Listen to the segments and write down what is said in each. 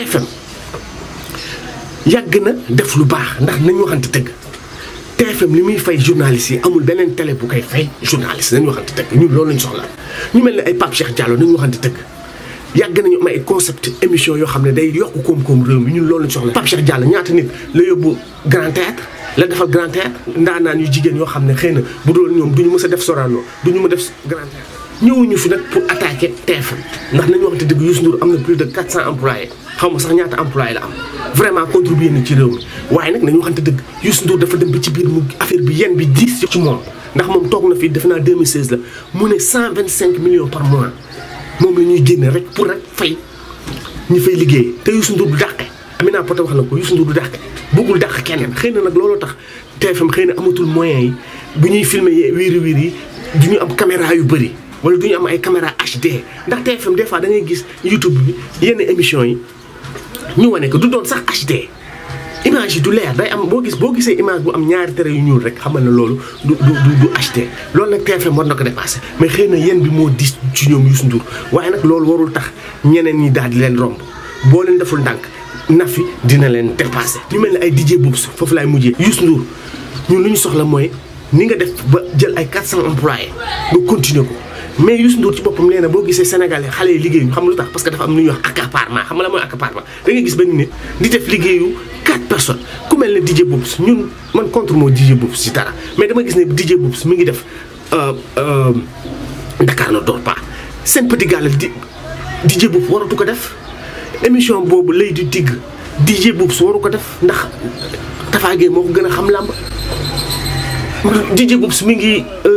TFM yàgg na def lu baax ndax nañu waxante dëgg TFM li muy fay journaliste yi amul beneen télé bu koy fay journaliste nañu waxante dëgg ñun loolu lañ soxla ñu mel ne ay Pape Cheikh Diallo nañu waxante dëgg yàgg nañu am ay concept émission yoo xam ne day yokk koom-koom réew mi ñun loolu lañ soxla Pape Cheikh Diallo ñaata nit la yóbbu Grand Théâtre la defal Grand Théâtre ndaanaan yu jigéen yoo xam ne xëy na bu doon ñoom duñu mës a def Sorano duñu mu def Grand Théâtre ñëwuñu fi nag pour attaquer TFM ndax nañu waxante dëgg Youssou Ndour am na plus de 400 employés xaw ma sax ñaata employés la am vraiment contribué na ci réew mi waaye nag nañu waxante dëgg Youssou Ndour dafa dem ba ci biir mu affaire bi yenn bi diis ci moom ndax moom toog na fii defe naa 2016 la mu ne 125 millions par mois moom la ñuy génne rek pour rek fay ñu fay liggéey te Youssou Ndour du dàqe Amina Poté wax na ko Youssou Ndour du dàqe bëggul dàq keneen xëy nag looloo tax TFM xëy na amatul moyens yi bu ñuy filmer wiiri wiiri yi du ñu am caméra yu bëri wala du ñu am ay caméra HD ndax TFM des fois da ngay gis YouTube bi yenn émission yi ñu wane ko du doon sax HD image yi du leer day am boo gis boo gisee image bu am ñaari tere yu ñuul rek xamal na loolu du du du HD loolu nag TFM war na ko dépassé mais xëy na yéen bi moo dis ci ñoom Youssou Ndour waaye nag loolu warul tax ñeneen ñi daal di leen romb boo leen deful ndànk Nafi dina leen dépassé. ñu mel ne ay DJ Boubs foofu laay mujjee Youssou Ndour ñun lu ñu soxla mooy ni nga def ba jël ay 400 employés nga continuer ko. mais Youssou Ndour ci boppam nee na boo gisee sénégalais xale yi liggéeyuñu xam lu tax parce que dafa am lu ñuy wax accaparement xam man contre moo DJ mais dama gis ne DJ Boubs mi ngi def euh, euh, Dakar ne dort pas seen petit gàllal di DJ Boubs waratu ko def émission boobu lay di digg DJ Boubs waru ko def ndax Tafa Gueye gën a xam làmb DJ Boubs mi ngi. Euh,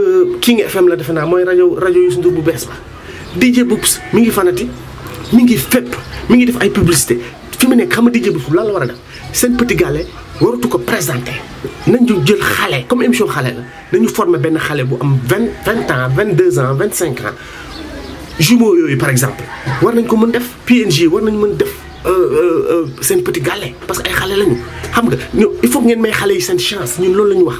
King FM la defe naa mooy rajo rajo Youssou Ndour bu bees ba DJ Boubs mi ngi fanati mi ngi fépp mi ngi def ay publicité fi mu nekk xam nga DJ Boubs lan la war a def seen petit gallé waratu ko présenté nañ ñu jël xale comme émission xale la nañu former benn xale bu am vingt vingt ans vingt ans vingt cinq ans jumeaux yooyu par exemple war nañ ko mën def PNG war nañ mën def euh, euh, euh, seen petit gallé parce que ay xale lañu xam nga il faut ngeen may xale yi seen chance ñun loolu la ñu wax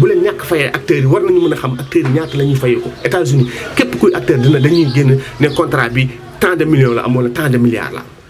bu leen ñàkk fayee acteurs yi war nañu mën a xam acteurs yi ñaata la ñuy fayee ko États-Unis képp kuy acteur dina dañuy génn ne contrat bi tant de millions la am wala tant de milliards la